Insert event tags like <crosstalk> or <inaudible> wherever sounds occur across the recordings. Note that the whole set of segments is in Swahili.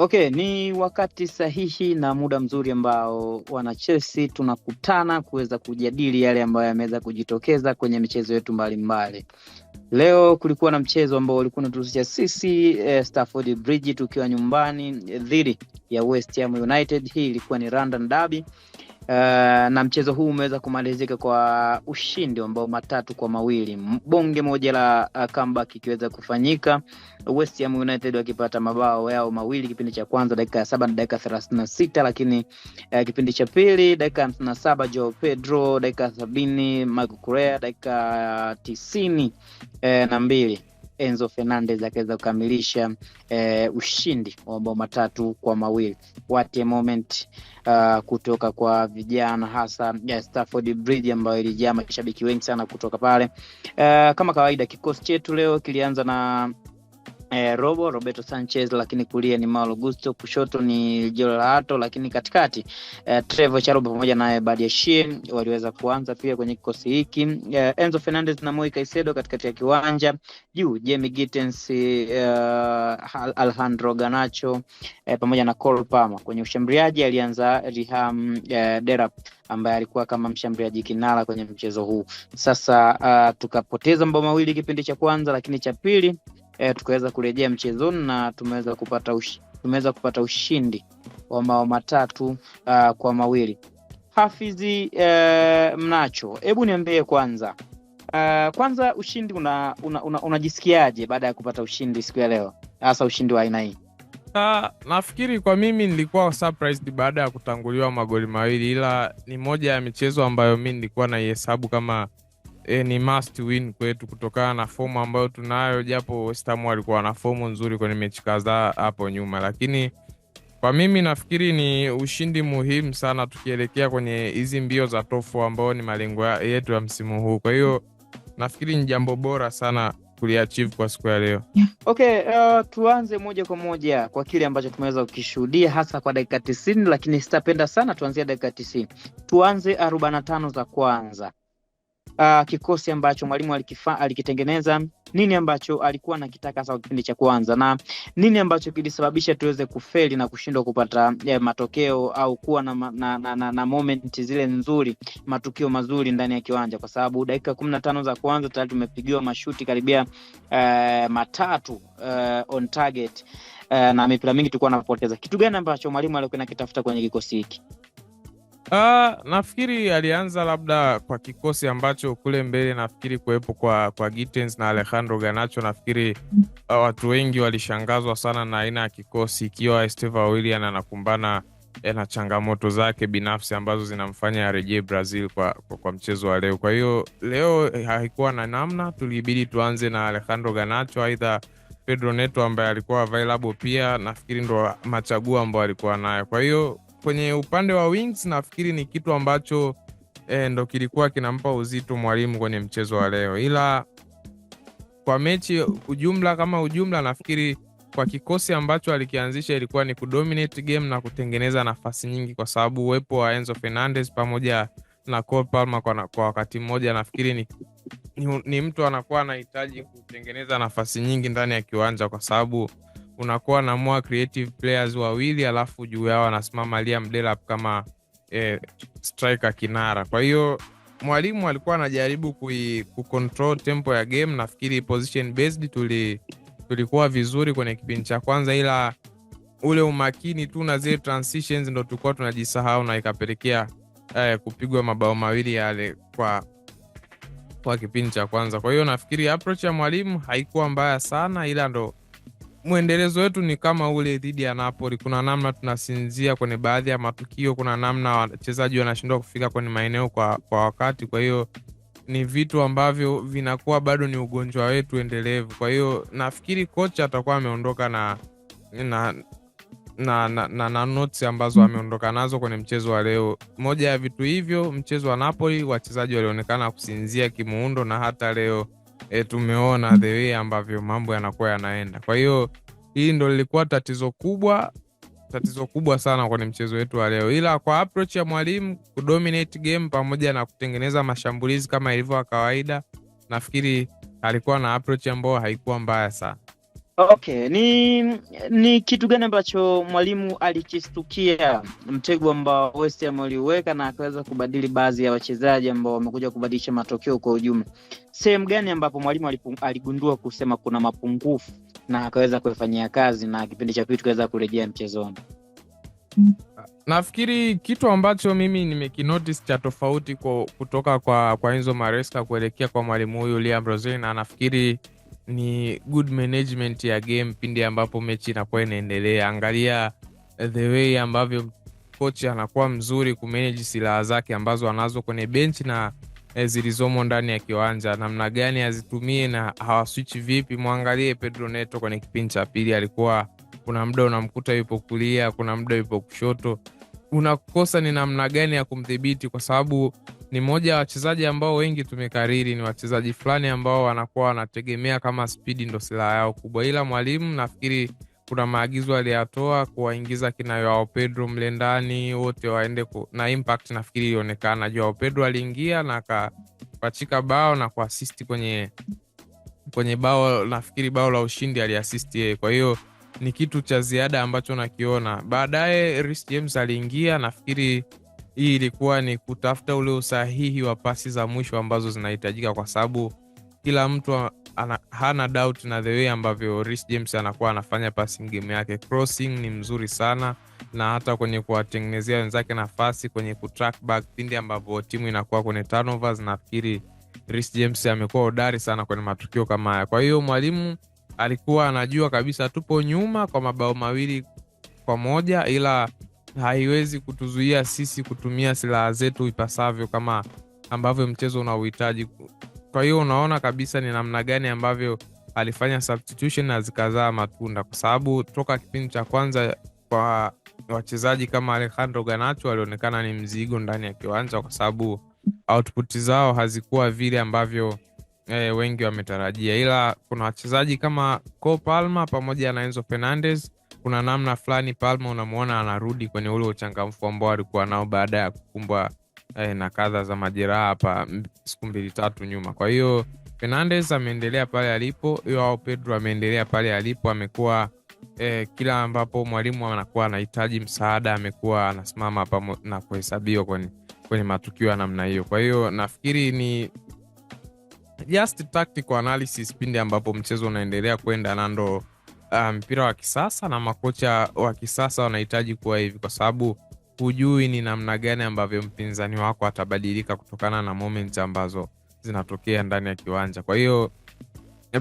Okay, ni wakati sahihi na muda mzuri ambao wanachesi tunakutana kuweza kujadili yale ambayo yameweza kujitokeza kwenye michezo yetu mbalimbali. Leo kulikuwa na mchezo ambao ulikuwa unatuhusisha sisi eh, Stamford Bridge tukiwa nyumbani eh, dhidi ya West Ham United. Hii ilikuwa ni London Uh, na mchezo huu umeweza kumalizika kwa ushindi wa mabao matatu kwa mawili, bonge moja la uh, comeback ikiweza kufanyika, West Ham United wakipata mabao yao mawili kipindi cha kwanza dakika ya saba na dakika thelathini na sita lakini uh, kipindi cha pili dakika hamsini na saba Joao Pedro, dakika sabini Marco Correa, dakika tisini uh, na mbili Enzo Fernandez akaweza kukamilisha eh, ushindi wa mabao matatu kwa mawili. What a moment uh, kutoka kwa vijana hasa yeah, Stafford Bridge ambayo ilijaa mashabiki wengi sana kutoka pale. Uh, kama kawaida kikosi chetu leo kilianza na E, robo Roberto Sanchez, lakini kulia ni Malo Gusto, kushoto ni Jolato, lakini katikati e, eh, Trevo Charoba pamoja naye Badiashie waliweza kuanza pia kwenye kikosi hiki e, Enzo Fernandez na Moi Caicedo katikati ya kiwanja, juu Jamie Gittens e, Alejandro Garnacho e, pamoja na Cole Palmer. Kwenye ushambuliaji alianza Riham e, Delap ambaye alikuwa kama mshambuliaji kinara kwenye mchezo huu. Sasa uh, tukapoteza mabao mawili kipindi cha kwanza, lakini cha pili e, tukaweza kurejea mchezoni na tumeweza kupata ushi, tumeweza kupata ushindi wa mao matatu uh, kwa mawili. Hafizi uh, eh, Mnacho, hebu niambie kwanza Uh, kwanza ushindi unajisikiaje una, una, una baada ya kupata ushindi siku ya leo hasa ushindi wa aina hii? Na, ah, nafikiri kwa mimi nilikuwa surprised baada ya kutanguliwa magoli mawili, ila ni moja ya michezo ambayo mi nilikuwa naihesabu kama e, ni must win kwetu kutokana na fomu ambayo tunayo, japo West walikuwa na fomu nzuri kwenye mechi kadhaa hapo nyuma, lakini kwa mimi nafikiri ni ushindi muhimu sana tukielekea kwenye hizi mbio za tofu ambao ni malengo yetu ya msimu huu. Kwa hiyo nafikiri ni jambo bora sana kuliachieve kwa siku ya leo. Okay, uh, tuanze moja kwa moja kwa kile ambacho tumeweza kukishuhudia hasa kwa dakika tisini, lakini sitapenda sana tuanzie dakika tisini, tuanze arobaini na tano za kwanza uh, kikosi ambacho mwalimu alikifa, alikitengeneza, nini ambacho alikuwa anakitaka sawa kipindi cha kwanza, na nini ambacho kilisababisha tuweze kufeli na kushindwa kupata ya, eh, matokeo au kuwa na, na, na, na, na moment zile nzuri, matukio mazuri ndani ya kiwanja, kwa sababu dakika kumi na tano za kwanza tayari tumepigiwa mashuti karibia uh, matatu uh, on target uh, na mipira mingi tulikuwa napoteza. Kitu gani ambacho mwalimu alikuwa nakitafuta kwenye kikosi hiki? Uh, nafikiri alianza labda kwa kikosi ambacho kule mbele nafikiri kuwepo kwa kwa Gittens na Alejandro Garnacho. Nafikiri uh, watu wengi walishangazwa sana na aina ya kikosi, ikiwa Estevao Willian anakumbana eh, na changamoto zake binafsi ambazo zinamfanya arejee Brazil kwa, kwa, kwa mchezo wa leo. Kwa hiyo leo eh, haikuwa na namna, tulibidi tuanze na Alejandro Garnacho, aidha Pedro Neto ambaye alikuwa available pia, nafikiri ndo machaguo ambao alikuwa nayo, kwa hiyo kwenye upande wa wings nafikiri ni kitu ambacho eh, ndo kilikuwa kinampa uzito mwalimu kwenye mchezo wa leo, ila kwa mechi ujumla kama ujumla, nafikiri kwa kikosi ambacho alikianzisha ilikuwa ni kudominate game na kutengeneza nafasi nyingi, kwa sababu uwepo wa Enzo Fernandez pamoja na Cole Palmer kwa, kwa wakati mmoja nafikiri ni, ni, ni mtu anakuwa anahitaji kutengeneza nafasi nyingi ndani ya kiwanja kwa sababu unakuwa namua creative players wawili, alafu juu yao anasimama Liam Delap kama eh, striker kinara. Kwa hiyo mwalimu alikuwa anajaribu kucontrol tempo ya game. Nafikiri position based tuli tulikuwa vizuri kwenye kipindi cha kwanza, ila ule umakini tu na zile transitions ndo tulikuwa tunajisahau na ikapelekea eh, kupigwa mabao mawili yale kwa kwa kipindi cha kwanza. Kwa hiyo nafikiri approach ya mwalimu haikuwa mbaya sana, ila ndo mwendelezo wetu ni kama ule dhidi ya Napoli. Kuna namna tunasinzia kwenye baadhi ya matukio, kuna namna wachezaji wanashindwa kufika kwenye maeneo kwa, kwa wakati. Kwa hiyo ni vitu ambavyo vinakuwa bado ni ugonjwa wetu endelevu. Kwa hiyo nafikiri kocha atakuwa ameondoka na na na, na, na, na notes ambazo ameondoka nazo kwenye mchezo wa leo. Moja ya vitu hivyo, mchezo wa Napoli, wachezaji walionekana kusinzia kimuundo na hata leo e, tumeona the way ambavyo mambo yanakuwa yanaenda. Kwa hiyo hii ndo lilikuwa tatizo kubwa, tatizo kubwa sana kwenye mchezo wetu wa leo, ila kwa approach ya mwalimu kudominate game pamoja na kutengeneza mashambulizi kama ilivyo kawaida, nafikiri alikuwa na approach ambayo haikuwa mbaya sana. Okay, ni ni kitu gani ambacho mwalimu alikistukia mtego ambao West Ham waliuweka na akaweza kubadili baadhi ya wachezaji ambao wamekuja kubadilisha matokeo kwa ujumla? Sehemu gani ambapo mwalimu aligundua kusema kuna mapungufu na akaweza kuifanyia kazi na kipindi cha pili tukaweza kurejea mchezoni? Nafikiri kitu ambacho mimi nimekinotice cha tofauti kutoka kwa kwa Enzo Maresca kuelekea kwa mwalimu huyu Liam na nafikiri ni good management ya game pindi ambapo mechi inakuwa inaendelea. Angalia the way ambavyo kocha anakuwa mzuri kumanage silaha zake ambazo anazo kwenye benchi na eh, zilizomo ndani ya kiwanja, namna gani azitumie na hawaswichi vipi. Mwangalie Pedro Neto kwenye kipindi cha pili, alikuwa kuna muda unamkuta yupo kulia, kuna muda yupo kushoto, unakosa ni namna gani ya kumdhibiti, kwa sababu ni mmoja wa wachezaji ambao wengi tumekariri ni wachezaji fulani ambao wanakuwa wanategemea kama spidi ndo silaha yao kubwa, ila mwalimu nafikiri kuna maagizo aliyatoa kuwaingiza kina Joao Pedro mle ndani wote waende ku, na impact nafikiri ilionekana. Joao Pedro aliingia na akapachika bao na kuasisti kwenye kwenye bao, nafikiri bao la ushindi aliasisti yeye, kwa hiyo ni kitu cha ziada ambacho nakiona. Baadaye Reece James aliingia nafikiri hii ilikuwa ni kutafuta ule usahihi wa pasi za mwisho ambazo zinahitajika, kwa sababu kila mtu ana, hana doubt na the way ambavyo Reece James anakuwa anafanya passing game yake. Crossing ni mzuri sana na hata kwenye kuwatengenezea wenzake nafasi kwenye kutrack back pindi ambavyo timu inakuwa kwenye turnovers. Nafikiri James amekuwa hodari sana kwenye matukio kama haya. Kwa hiyo mwalimu alikuwa anajua kabisa tupo nyuma kwa mabao mawili kwa moja ila haiwezi kutuzuia sisi kutumia silaha zetu ipasavyo kama ambavyo mchezo unauhitaji. Kwa hiyo unaona kabisa ni namna gani ambavyo alifanya substitution na zikazaa matunda, kwa sababu toka kipindi cha kwanza kwa wachezaji kama Alejandro ganacho walionekana ni mzigo ndani ya kiwanja, kwa sababu output zao hazikuwa vile ambavyo eh, wengi wametarajia, ila kuna wachezaji kama Cole pamoja na Enzo Fernandez kuna namna fulani Palma unamwona anarudi kwenye ule uchangamfu ambao alikuwa nao baada ya kukumbwa eh, na kadha za majeraha hapa siku mbili tatu nyuma. Kwa hiyo Fernandes ameendelea pale alipo, Joao Pedro ameendelea pale alipo, amekuwa eh, kila ambapo mwalimu anakuwa anahitaji msaada amekuwa anasimama hapa na kuhesabiwa kwenye, kwenye matukio ya namna hiyo. Kwa hiyo nafikiri ni just tactical analysis pindi ambapo mchezo unaendelea kwenda nando Uh, mpira um, wa kisasa na makocha wa kisasa wanahitaji kuwa hivi, kwa sababu hujui ni namna gani ambavyo mpinzani wako atabadilika kutokana na moment ambazo zinatokea ndani ya kiwanja. Kwa hiyo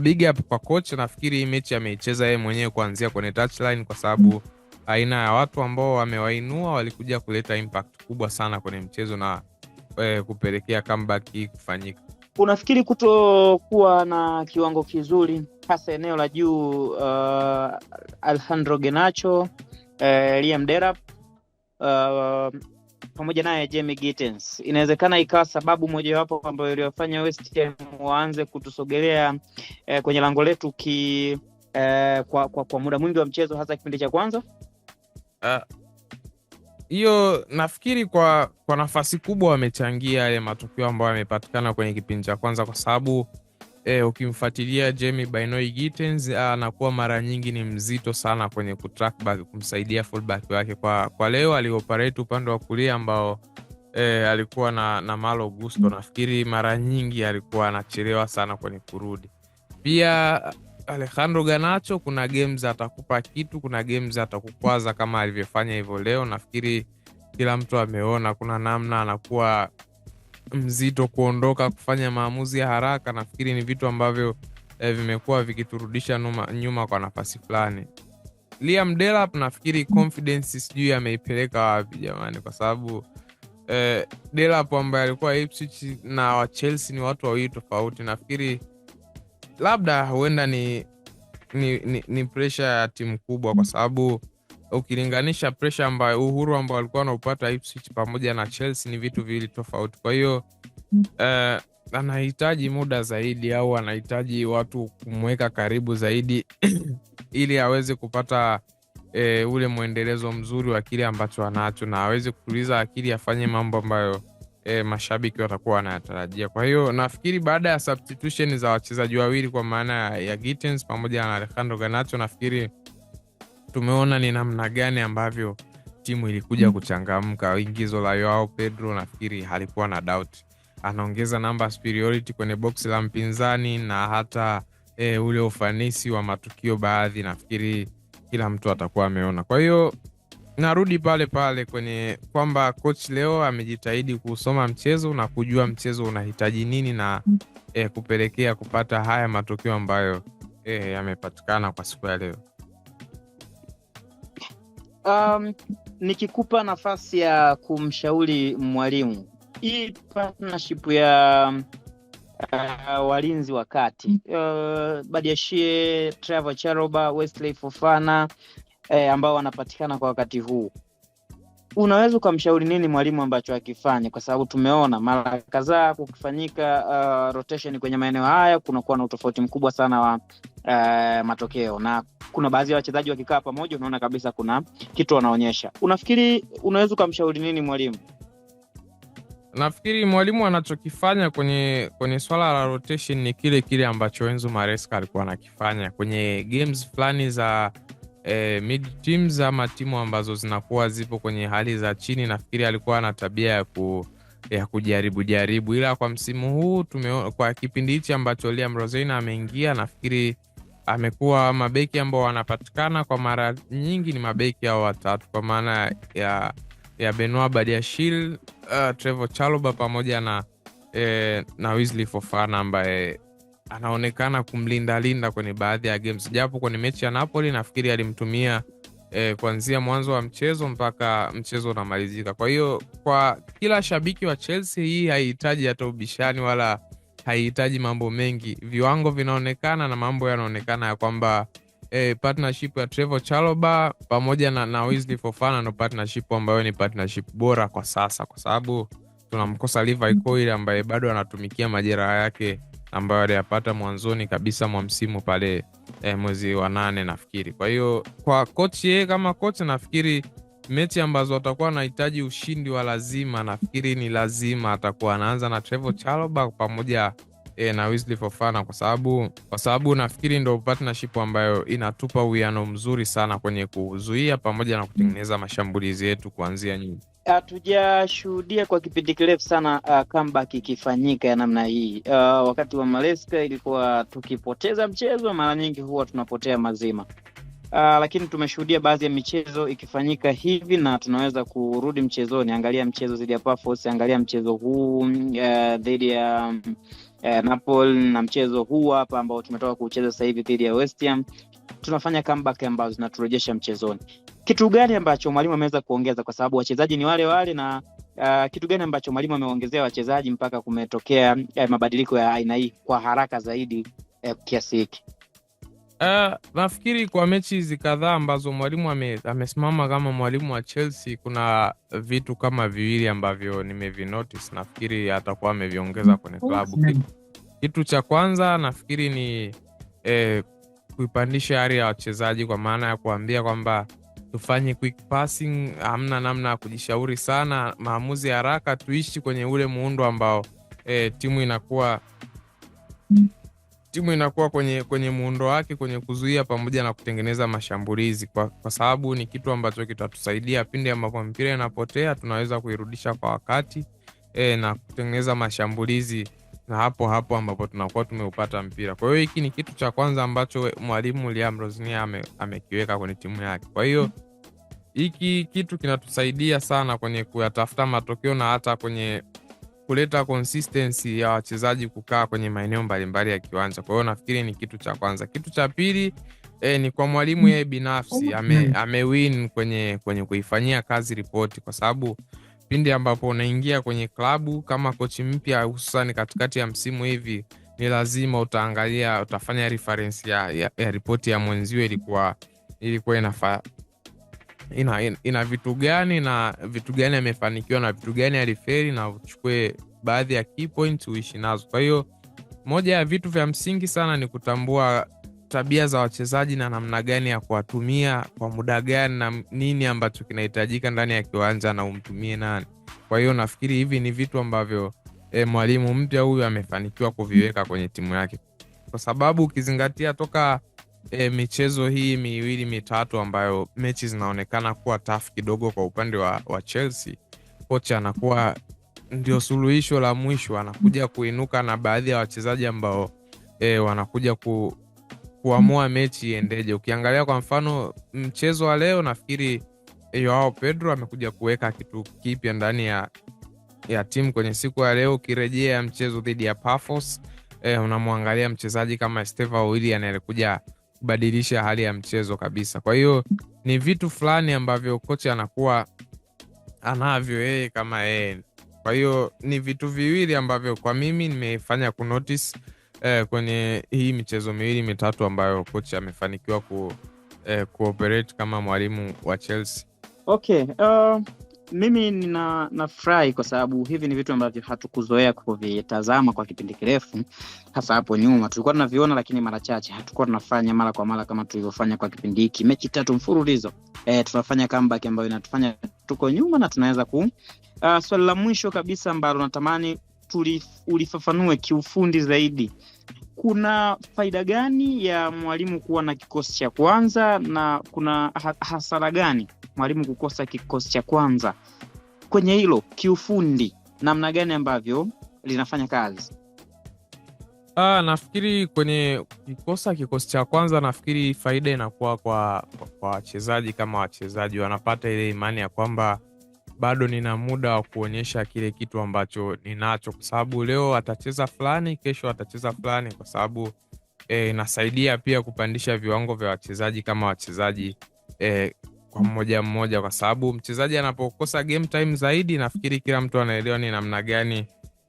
big up kwa kocha, nafikiri hii mechi ameicheza yeye mwenyewe kuanzia kwenye touchline, kwa sababu aina ya watu ambao wamewainua walikuja kuleta impact kubwa sana kwenye mchezo na eh, kupelekea comeback hii kufanyika. Unafikiri kutokuwa na kiwango kizuri hasa eneo la juu uh, Alejandro genacho uh, Liam Delap uh, pamoja naye Jamie Gittens. Inawezekana ikawa sababu mojawapo ambayo iliyofanya West Ham waanze kutusogelea uh, kwenye lango letu ki uh, kwa, kwa, kwa muda mwingi wa mchezo hasa kipindi cha kwanza ah, hiyo nafkiri nafikiri kwa, kwa nafasi kubwa wamechangia yale matokeo ambayo yamepatikana kwenye kipindi cha kwanza kwa sababu e, ukimfuatilia Jamie Bynoe Gittens ah, anakuwa mara nyingi ni mzito sana kwenye kutrack back kumsaidia fullback wake. Kwa, kwa leo alioperate upande wa kulia ambao e, alikuwa na, na Malo Gusto, nafikiri mara nyingi alikuwa anachelewa sana kwenye kurudi. Pia Alejandro Ganacho, kuna games atakupa kitu, kuna games atakukwaza kama alivyofanya hivyo leo. Nafikiri kila mtu ameona kuna namna anakuwa mzito kuondoka, kufanya maamuzi ya haraka, nafikiri ni vitu ambavyo eh, vimekuwa vikiturudisha nyuma, nyuma kwa nafasi fulani. Liam Delap nafikiri confidence sijui ameipeleka wapi jamani, kwa sababu eh, Delap ambaye alikuwa Ipswich na wa ni watu wawili tofauti. Nafikiri labda huenda ni, ni, ni, ni presha ya timu kubwa, kwa sababu ukilinganisha presha ambayo uhuru ambao alikuwa anaupata Ipswich pamoja na Chelsea ni vitu viwili tofauti. Kwa hiyo uh, anahitaji muda zaidi au anahitaji watu kumweka karibu zaidi <clears throat> ili aweze kupata e, ule mwendelezo mzuri wa kile ambacho anacho na aweze kutuliza akili afanye mambo ambayo e, mashabiki watakuwa wanayatarajia. Kwa hiyo nafikiri baada ya substitution za wachezaji wawili kwa maana ya pamoja na Alejandro Garnacho nafikiri tumeona ni namna gani ambavyo timu ilikuja mm. kuchangamka. Ingizo la Joao Pedro nafikiri halikuwa na doubt, anaongeza namba superiority kwenye boksi la mpinzani na hata e, ule ufanisi wa matukio baadhi, nafikiri kila mtu atakuwa ameona. Kwa hiyo narudi pale pale kwenye kwamba coach leo amejitahidi kusoma mchezo na kujua mchezo unahitaji nini na e, kupelekea kupata haya matokeo ambayo e, yamepatikana kwa siku ya leo um, nikikupa nafasi ya kumshauri mwalimu hii partnership ya uh, walinzi wa kati uh, Badiashie, Trevor Charoba, Wesley Fofana eh, ambao wanapatikana kwa wakati huu unaweza ukamshauri nini mwalimu ambacho akifanye, kwa sababu tumeona mara kadhaa kukifanyika uh, rotation kwenye maeneo haya kunakuwa na utofauti mkubwa sana wa uh, matokeo, na kuna baadhi ya wachezaji wakikaa pamoja, unaona kabisa kuna kitu wanaonyesha. Unafikiri unaweza ukamshauri nini mwalimu? Nafikiri mwalimu anachokifanya kwenye kwenye swala la rotation ni kile kile ambacho Enzo Maresca alikuwa anakifanya kwenye games fulani za eh, mid teams ama timu ambazo zinakuwa zipo kwenye hali za chini, nafikiri alikuwa na tabia ya ku ya kujaribu jaribu, ila kwa msimu huu tume, kwa kipindi hichi ambacho Liam Rosen ameingia, nafikiri amekuwa mabeki ambao wanapatikana kwa mara nyingi ni mabeki hao watatu kwa maana ya ya Benoit Badiashile, uh, Trevor Chalobah pamoja na eh, na Wesley Fofana ambaye anaonekana kumlindalinda kwenye baadhi ya games, japo kwenye mechi ya Napoli nafikiri alimtumia eh, kuanzia mwanzo wa mchezo mpaka mchezo unamalizika. Kwa hiyo kwa kila shabiki wa Chelsea, hii haihitaji hata ubishani wala haihitaji mambo mengi. Viwango vinaonekana na mambo yanaonekana ya kwamba eh, partnership ya Trevoh Chalobah pamoja na, na Wesley Fofana ndo partnership ambayo ni partnership bora kwa sasa, kwa sababu tunamkosa Levi Colwill ambaye bado anatumikia majeraha yake ambayo aliyapata mwanzoni kabisa mwa msimu pale eh, mwezi wa nane nafikiri. Kwa hiyo kwa coach yeye kama coach, nafikiri mechi ambazo atakuwa anahitaji ushindi wa lazima, nafikiri ni lazima atakuwa anaanza na Trevoh Chalobah pamoja eh, na Wesley Fofana kwa sababu kwa sababu nafikiri ndo partnership ambayo inatupa uwiano mzuri sana kwenye kuzuia pamoja na kutengeneza mashambulizi yetu kuanzia nyuma hatujashuhudia kwa kipindi kirefu sana uh, comeback ikifanyika ya namna hii. Uh, wakati wa maleska ilikuwa tukipoteza mchezo mara nyingi huwa tunapotea mazima. Uh, lakini tumeshuhudia baadhi ya michezo ikifanyika hivi na tunaweza kurudi mchezoni. Angalia mchezo dhidi ya Pafos, angalia mchezo huu uh, dhidi uh, ya uh, napol na mchezo huu hapa ambao tumetoka kuucheza sasahivi hivi dhidi ya West tunafanya comeback ambazo zinaturejesha mchezoni. Kitu gani ambacho mwalimu ameweza kuongeza, kwa sababu wachezaji ni wale wale na uh, kitu gani ambacho mwalimu ameongezea wachezaji mpaka kumetokea eh, mabadiliko ya aina hii kwa haraka zaidi eh, kiasi hiki? Uh, nafikiri kwa mechi hizi kadhaa ambazo mwalimu ame, amesimama kama mwalimu wa Chelsea, kuna vitu kama viwili ambavyo nimevinoti nafikiri atakuwa ameviongeza kwenye klabu. Kitu cha kwanza nafikiri ni eh, kuipandisha ari ya wachezaji, kwa maana ya kuambia kwamba tufanye quick passing, hamna namna ya kujishauri sana, maamuzi haraka, tuishi kwenye ule muundo ambao e, timu inakuwa timu inakuwa kwenye, kwenye muundo wake kwenye kuzuia pamoja na kutengeneza mashambulizi kwa, kwa sababu ni kitu ambacho kitatusaidia pindi ambapo mpira inapotea tunaweza kuirudisha kwa wakati e, na kutengeneza mashambulizi na hapo hapo ambapo tunakuwa tumeupata mpira. Kwa hiyo hiki ni kitu cha kwanza ambacho mwalimu Liam Rosnia ame, amekiweka kwenye timu yake. Kwa hiyo hiki kitu kinatusaidia sana kwenye kuyatafuta matokeo na hata kwenye kuleta consistency ya wachezaji kukaa kwenye maeneo mbalimbali ya kiwanja. Kwa hiyo nafikiri ni kitu cha kwanza. Kitu cha pili eh, ni kwa mwalimu yeye binafsi ame, amewin kwenye, kwenye kuifanyia kazi ripoti kwa sababu pindi ambapo unaingia kwenye klabu kama kochi mpya, hususani katikati ya msimu hivi, ni lazima utaangalia, utafanya reference ya, ya, ya ripoti ya mwenzio ilikuwa ilikuwa inafa, ina, ina, ina vitu gani na vitu gani amefanikiwa na vitu gani aliferi, na uchukue baadhi ya key uishi nazo. Kwa hiyo moja ya vitu vya msingi sana ni kutambua tabia za wachezaji na namna gani ya kuwatumia kwa muda gani na nini ambacho kinahitajika ndani ya kiwanja na umtumie nani. Kwa hiyo nafikiri hivi ni vitu ambavyo e, mwalimu mpya huyu amefanikiwa kuviweka kwenye timu yake, kwa sababu ukizingatia toka e, michezo hii miwili mitatu ambayo mechi zinaonekana kuwa tafu kidogo kwa upande wa, wa Chelsea, kocha anakuwa ndio suluhisho la mwisho, anakuja kuinuka na baadhi ya wachezaji ambao e, wanakuja ku kuamua mechi iendeje. Ukiangalia kwa mfano mchezo wa leo, nafikiri yoao eh, Pedro amekuja kuweka kitu kipya ndani ya, ya timu kwenye siku ya leo. Ukirejea mchezo dhidi ya Pafos eh, unamwangalia mchezaji kama Estevao Willian alikuja kubadilisha hali ya mchezo kabisa. Kwa hiyo ni vitu fulani ambavyo kocha anakuwa anavyo yeye kama yeye. Kwa hiyo ni vitu viwili ambavyo kwa mimi nimefanya kunotice eh, kwenye hii michezo miwili mitatu ambayo kochi amefanikiwa ku, eh, kuoperate kama mwalimu wa Chelsea? Okay, uh, mimi nina nafurahi kwa sababu hivi ni vitu ambavyo hatukuzoea kuvitazama kwa kipindi kirefu, hasa hapo nyuma tulikuwa tunaviona, lakini mara chache, hatukuwa tunafanya mara kwa mara kama tulivyofanya kwa kipindi hiki. Mechi tatu mfululizo eh, tunafanya comeback ambayo inatufanya tuko nyuma na tunaweza ku uh, swali la mwisho kabisa ambalo natamani tuli, ulifafanue kiufundi zaidi, kuna faida gani ya mwalimu kuwa na kikosi cha kwanza na kuna hasara gani mwalimu kukosa kikosi cha kwanza? Kwenye hilo kiufundi, namna gani ambavyo linafanya kazi? Ah, nafikiri kwenye kikosa kikosi cha kwanza, nafikiri faida inakuwa kwa wachezaji, kama wachezaji wanapata ile imani ya kwamba bado nina muda wa kuonyesha kile kitu ambacho ninacho, kwa sababu leo atacheza fulani, kesho atacheza fulani, kwa sababu e, inasaidia pia kupandisha viwango vya wachezaji kama wachezaji e, kwa mmoja mmoja, kwa sababu mchezaji anapokosa game time zaidi, nafikiri kila mtu anaelewa ni namna gani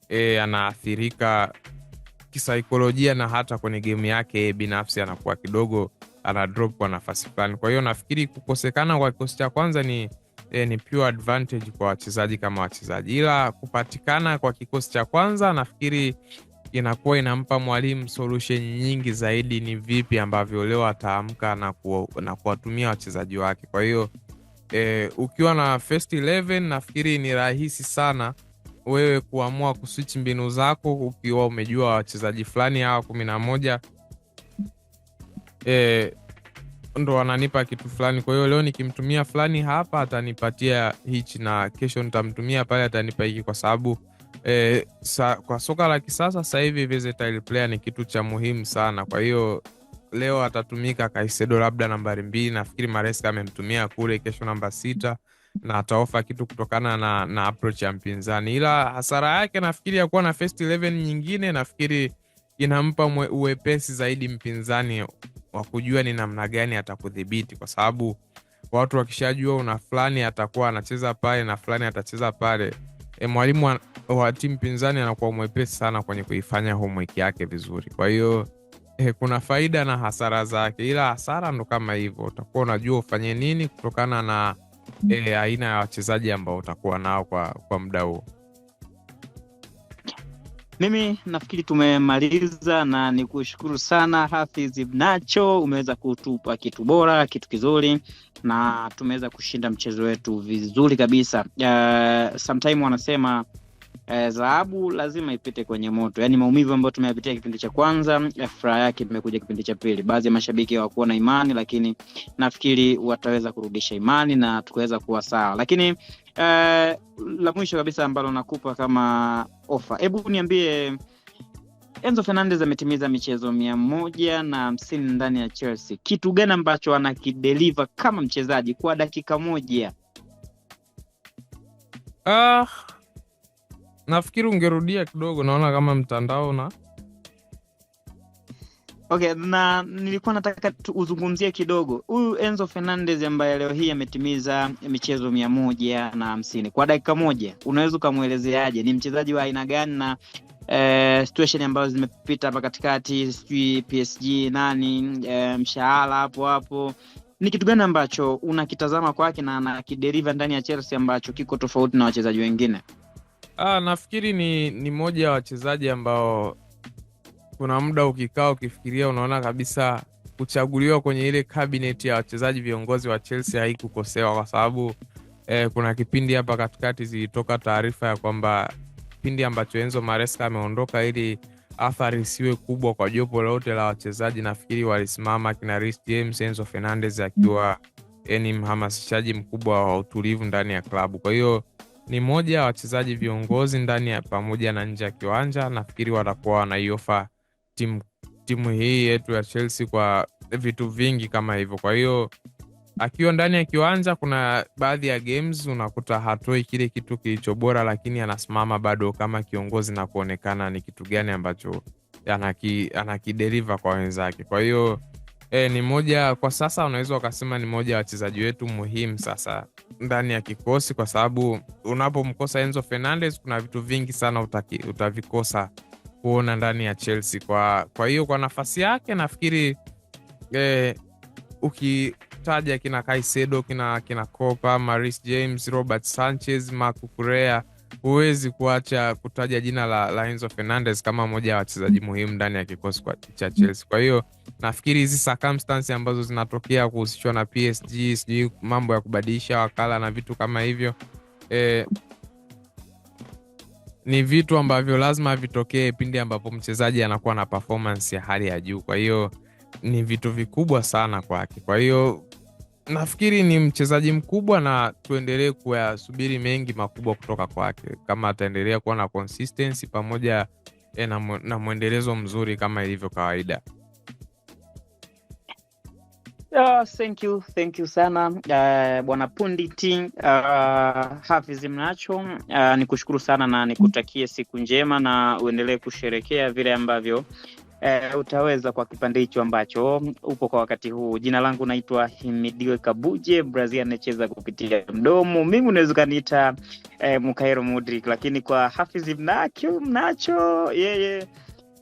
e, anaathirika kisaikolojia na hata kwenye gemu yake binafsi anakuwa kidogo ana drop kwa nafasi fulani. Kwa hiyo nafikiri kukosekana kwa kikosi cha kwanza ni e, ni pure advantage kwa wachezaji kama wachezaji, ila kupatikana kwa kikosi cha kwanza nafikiri inakuwa inampa mwalimu solution nyingi zaidi, ni vipi ambavyo leo ataamka na, ku, na kuwatumia wachezaji wake. Kwa hiyo e, ukiwa na first 11 nafikiri ni rahisi sana wewe kuamua kuswitch mbinu zako ukiwa umejua wachezaji fulani hawa kumi na moja e, ndo ananipa kitu fulani. Kwa hiyo leo nikimtumia fulani hapa atanipatia hichi, na kesho nitamtumia pale atanipa hiki, kwa sababu eh, sa, kwa soka la kisasa sahivi ni kitu cha muhimu sana. Kwa hiyo leo atatumika Kaisedo labda nambari mbili, nafikiri Maresca amemtumia kule, kesho namba sita na ataofa kitu kutokana na, na approach ya mpinzani, ila hasara yake nafikiri ya kuwa na first 11 nyingine nafikiri inampa uwepesi zaidi mpinzani wa kujua ni namna gani atakudhibiti, kwa sababu watu wakishajua una fulani atakuwa anacheza pale na fulani atacheza pale, e, mwalimu wa, wa timu pinzani anakuwa mwepesi sana kwenye kuifanya homework yake vizuri. Kwa hiyo e, kuna faida na hasara zake, ila hasara ndo kama hivyo, utakuwa unajua ufanye nini kutokana na e, aina ya wachezaji ambao utakuwa nao kwa, kwa muda huo. Mimi nafikiri tumemaliza, na ni kushukuru sana Hafiz Ibnacho, umeweza kutupa kitu bora, kitu kizuri, na tumeweza kushinda mchezo wetu vizuri kabisa. Uh, sometime wanasema uh, eh, dhahabu lazima ipite kwenye moto, yaani maumivu ambayo tumeyapitia kipindi cha kwanza, eh, furaha yake imekuja kipindi cha pili. Baadhi ya mashabiki hawakuwa na imani, lakini nafikiri wataweza kurudisha imani na tukaweza kuwa sawa, lakini Eh, la mwisho kabisa ambalo nakupa kama ofa, hebu niambie Enzo Fernandez ametimiza michezo mia moja na hamsini ndani ya Chelsea. Kitu gani ambacho anakideliva kama mchezaji kwa dakika moja? Ah, nafikiri ungerudia kidogo, naona kama mtandao na Okay, na nilikuwa nataka uzungumzie kidogo huyu Enzo Fernandez ambaye leo hii ametimiza michezo mia moja na hamsini kwa dakika moja, unaweza ukamwelezeaje? Ni mchezaji wa aina gani na eh, situation ambazo zimepita hapa katikati, sijui PSG nani, eh, mshahara hapo hapo, ni kitu gani ambacho unakitazama kwake na anakideriva ndani ya Chelsea ambacho kiko tofauti na wachezaji wengine? Ah, nafikiri ni ni moja ya wachezaji ambao kuna muda ukikaa ukifikiria, unaona kabisa kuchaguliwa kwenye ile kabineti ya wachezaji viongozi wa Chelsea haikukosewa kwa sababu eh, kuna kipindi hapa katikati zilitoka taarifa ya kwamba kipindi ambacho Enzo Maresca ameondoka ili athari isiwe kubwa kwa jopo lote la wachezaji, nafikiri walisimama kina Reece James, Enzo Fernandez akiwa ni mhamasishaji mkubwa wa utulivu ndani ya klabu. Kwa hiyo ni moja ya wachezaji viongozi ndani ya pamoja na nje ya kiwanja, nafikiri watakuwa wanaiofa timu, timu hii yetu ya Chelsea kwa vitu vingi kama hivyo. Kwa hiyo akiwa ndani ya kiwanja, kuna baadhi ya games unakuta hatoi kile kitu kilicho bora, lakini anasimama bado kama kiongozi na kuonekana ni kitu gani ambacho anaki, kwa wenzake. Kwa hiyo eh, ni moja kwa sasa, unaweza ukasema ni moja ya wachezaji wetu muhimu sasa ndani ya kikosi, kwa sababu unapomkosa Enzo Fernandez kuna vitu vingi sana utaki, utavikosa kuona ndani ya Chelsea. Kwa kwa hiyo kwa nafasi yake nafikiri eh, ukitaja kina kaisedo kina kina Kopa, Maris James, Robert Sanchez, Marco kurea huwezi kuacha kutaja jina la, la Enzo Fernandez kama mmoja ya wachezaji muhimu ndani ya kikosi cha Chelsea. Kwa hiyo nafikiri hizi circumstance ambazo zinatokea kuhusishwa na PSG, sijui mambo ya kubadilisha wakala na vitu kama hivyo eh, ni vitu ambavyo lazima vitokee pindi ambapo mchezaji anakuwa na performance ya hali ya juu. Kwa hiyo ni vitu vikubwa sana kwake. Kwa hiyo nafikiri ni mchezaji mkubwa, na tuendelee kuyasubiri mengi makubwa kutoka kwake, kama ataendelea kuwa na consistency pamoja eh, na mwendelezo mzuri kama ilivyo kawaida. Uh, thank you, thank you sana uh, bwana Punditi uh, ah, Hafizi Mnacho uh, nikushukuru sana na nikutakie siku njema na uendelee kusherekea vile ambavyo uh, utaweza kwa kipande hicho ambacho upo kwa wakati huu. Jina langu naitwa Himidiwe Kabuje, Brazil anayecheza kupitia mdomo. Mimi unaweza ukaniita uh, eh, Mukairo Mudrik, lakini kwa Hafizi Mnacho Mnacho yeye yeah,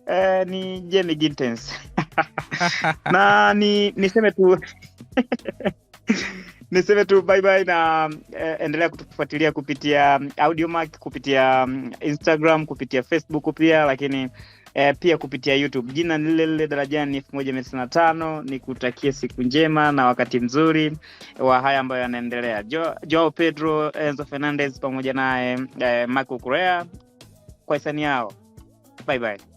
yeah. uh, ni Jemi <laughs> na ni niseme tu <laughs> niseme tu bye bye na eh, endelea kutufuatilia kupitia um, audiomark kupitia um, instagram kupitia facebook pia lakini eh, pia kupitia youtube jina lile darajani ni elfu moja mia tisina tano ni kutakia siku njema na wakati mzuri wa haya ambayo yanaendelea jo, joao pedro enzo fernandez pamoja naye eh, michael korea kwa hisani yao bye bye